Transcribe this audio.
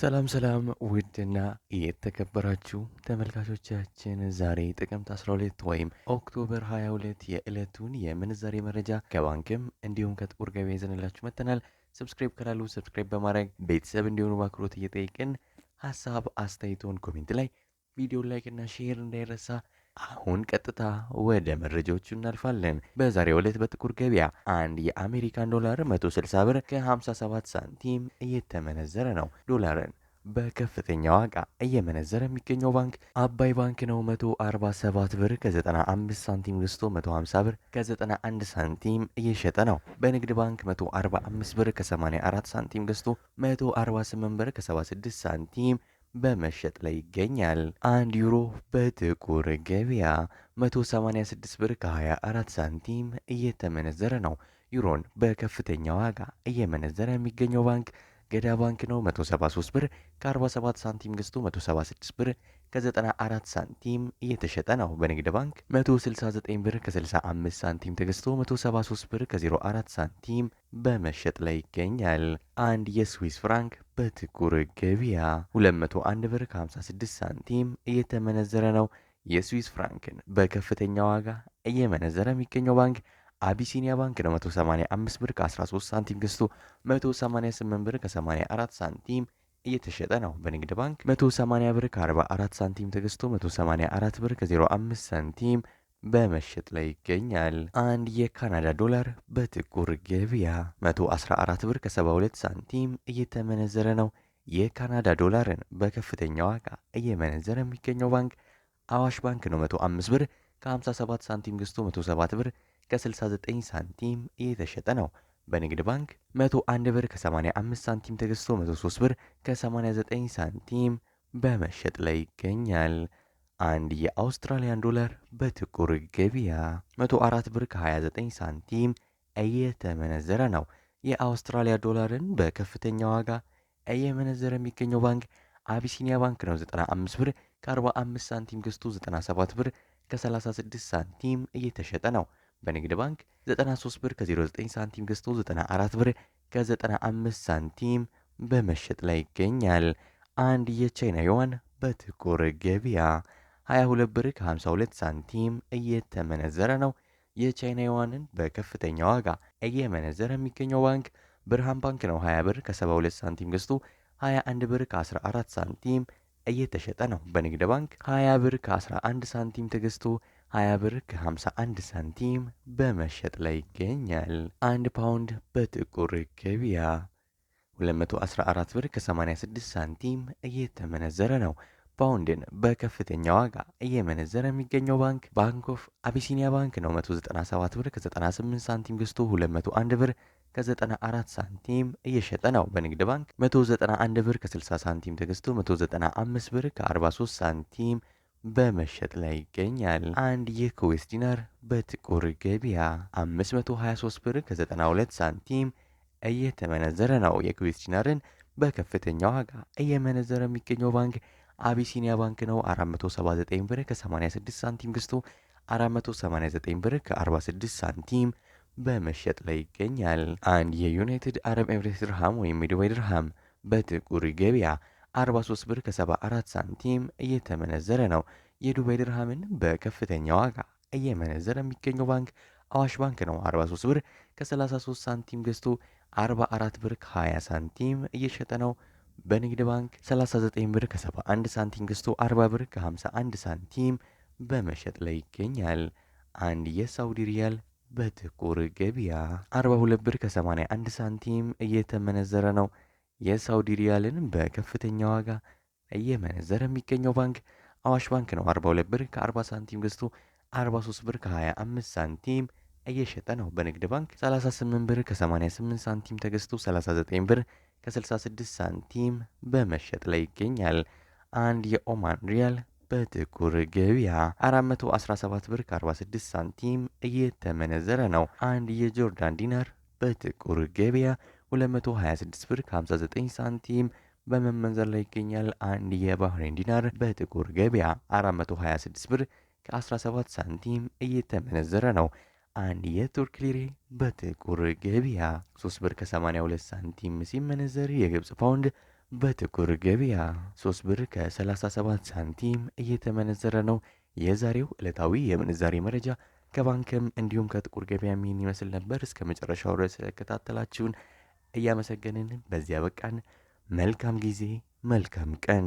ሰላም ሰላም ውድና የተከበራችሁ ተመልካቾቻችን ዛሬ ጥቅምት 12 ወይም ኦክቶበር 22 የዕለቱን የምንዛሬ መረጃ ከባንክም እንዲሁም ከጥቁር ገበያ ይዘንላችሁ መጥተናል። ሰብስክራይብ ካላሉ ሰብስክራይብ በማድረግ ቤተሰብ እንዲሆኑ በአክብሮት እየጠየቅን ሀሳብ አስተያየቶን ኮሜንት ላይ ቪዲዮ ላይክና ሼር እንዳይረሳ አሁን ቀጥታ ወደ መረጃዎቹ እናልፋለን። በዛሬው ዕለት በጥቁር ገበያ አንድ የአሜሪካን ዶላር 160 ብር ከ57 ሳንቲም እየተመነዘረ ነው። ዶላርን በከፍተኛ ዋጋ እየመነዘረ የሚገኘው ባንክ አባይ ባንክ ነው። 147 ብር ከ95 ሳንቲም ገዝቶ 150 ብር ከ91 ሳንቲም እየሸጠ ነው። በንግድ ባንክ 145 ብር ከ84 ሳንቲም ገዝቶ 148 ብር ከ76 ሳንቲም በመሸጥ ላይ ይገኛል። አንድ ዩሮ በጥቁር ገበያ 186 ብር ከ24 ሳንቲም እየተመነዘረ ነው። ዩሮን በከፍተኛ ዋጋ እየመነዘረ የሚገኘው ባንክ ገዳ ባንክ ነው 173 ብር ከ47 ሳንቲም ገዝቶ 176 ብር ከ94 ሳንቲም እየተሸጠ ነው። በንግድ ባንክ 169 ብር ከ65 ሳንቲም ተገዝቶ 173 ብር ከ04 ሳንቲም በመሸጥ ላይ ይገኛል። አንድ የስዊስ ፍራንክ በጥቁር ገበያ 201 ብር ከ56 ሳንቲም እየተመነዘረ ነው። የስዊስ ፍራንክን በከፍተኛ ዋጋ እየመነዘረ የሚገኘው ባንክ አቢሲኒያ ባንክ ነው 185 ብር ከ13 ሳንቲም ገዝቶ 188 ብር ከ84 ሳንቲም እየተሸጠ ነው። በንግድ ባንክ 180 ብር ከ44 ሳንቲም ተገዝቶ 184 ብር ከ05 ሳንቲም በመሸጥ ላይ ይገኛል። አንድ የካናዳ ዶላር በጥቁር ገበያ 114 ብር ከ72 ሳንቲም እየተመነዘረ ነው። የካናዳ ዶላርን በከፍተኛ ዋጋ እየመነዘረ የሚገኘው ባንክ አዋሽ ባንክ ነው 105 ብር ከ57 ሳንቲም ገዝቶ 107 ብር ከ69 ሳንቲም እየተሸጠ ነው። በንግድ ባንክ 101 ብር ከ85 ሳንቲም ተገዝቶ 103 ብር ከ89 ሳንቲም በመሸጥ ላይ ይገኛል። አንድ የአውስትራሊያን ዶላር በጥቁር ገበያ 104 ብር ከ29 ሳንቲም እየተመነዘረ ነው። የአውስትራሊያ ዶላርን በከፍተኛ ዋጋ እየመነዘረ የሚገኘው ባንክ አቢሲኒያ ባንክ ነው። 95 ብር ከ45 ሳንቲም ገዝቶ 97 ብር ከ36 ሳንቲም እየተሸጠ ነው። በንግድ ባንክ 93 ብር ከ09 ሳንቲም ገዝቶ 94 ብር ከ95 ሳንቲም በመሸጥ ላይ ይገኛል። አንድ የቻይና ዩዋን በጥቁር ገበያ 22 ብር ከ52 ሳንቲም እየተመነዘረ ነው። የቻይና ዩዋንን በከፍተኛ ዋጋ እየመነዘረ የሚገኘው ባንክ ብርሃን ባንክ ነው። 20 ብር ከ72 ሳንቲም ገዝቶ 21 ብር ከ14 ሳንቲም እየተሸጠ ነው። በንግድ ባንክ 20 ብር ከ11 ሳንቲም ተገዝቶ 20 ብር ከ51 ሳንቲም በመሸጥ ላይ ይገኛል። አንድ ፓውንድ በጥቁር ገበያ 214 ብር ከ86 ሳንቲም እየተመነዘረ ነው። ፓውንድን በከፍተኛ ዋጋ እየመነዘረ የሚገኘው ባንክ ባንክ ኦፍ አቢሲኒያ ባንክ ነው። 197 ብር ከ98 ሳንቲም ገዝቶ 201 ብር ከ94 ሳንቲም እየሸጠ ነው። በንግድ ባንክ 191 ብር ከ60 ሳንቲም ተገዝቶ 195 ብር ከ43 ሳንቲም በመሸጥ ላይ ይገኛል። አንድ የኩዌት ዲናር በጥቁር ገበያ 523 ብር ከ92 ሳንቲም እየተመነዘረ ነው። የኩዌት ዲናርን በከፍተኛ ዋጋ እየመነዘረ የሚገኘው ባንክ አቢሲኒያ ባንክ ነው። 479 ብር ከ86 ሳንቲም ገዝቶ 489 ብር ከ46 ሳንቲም በመሸጥ ላይ ይገኛል። አንድ የዩናይትድ አረብ ኤምሬት ድርሃም ወይም የዱባይ ድርሃም በጥቁር ገበያ 43 ብር ከ74 ሳንቲም እየተመነዘረ ነው። የዱባይ ድርሃምን በከፍተኛ ዋጋ እየመነዘረ የሚገኘው ባንክ አዋሽ ባንክ ነው። 43 ብር ከ33 ሳንቲም ገዝቶ 44 ብር ከ20 ሳንቲም እየሸጠ ነው። በንግድ ባንክ 39 ብር ከ71 ሳንቲም ገዝቶ 40 ብር ከ51 ሳንቲም በመሸጥ ላይ ይገኛል። አንድ የሳውዲ ሪያል በጥቁር ገበያ 42 ብር ከ81 ሳንቲም እየተመነዘረ ነው። የሳውዲ ሪያልን በከፍተኛ ዋጋ እየመነዘረ የሚገኘው ባንክ አዋሽ ባንክ ነው። 42 ብር ከ40 ሳንቲም ገዝቶ 43 ብር ከ25 ሳንቲም እየሸጠ ነው። በንግድ ባንክ 38 ብር ከ88 ሳንቲም ተገዝቶ 39 ብር ከ66 ሳንቲም በመሸጥ ላይ ይገኛል። አንድ የኦማን ሪያል በጥቁር ገበያ 417 ብር ከ46 ሳንቲም እየተመነዘረ ነው። አንድ የጆርዳን ዲናር በጥቁር ገበያ 226 ብር 59 ሳንቲም በመመንዘር ላይ ይገኛል። አንድ የባህሬን ዲናር በጥቁር ገበያ 426 ብር ከ17 ሳንቲም እየተመነዘረ ነው። አንድ የቱርክ ሊሬ በጥቁር ገበያ 3 ብር ከ82 ሳንቲም ሲመነዘር የግብፅ ፓውንድ በጥቁር ገበያ 3 ብር ከ37 ሳንቲም እየተመነዘረ ነው። የዛሬው ዕለታዊ የምንዛሬ መረጃ ከባንክም እንዲሁም ከጥቁር ገበያ ይመስል ነበር። እስከ መጨረሻው ድረስ ስለከታተላችሁን እያመሰገንን በዚያ በቃን። መልካም ጊዜ፣ መልካም ቀን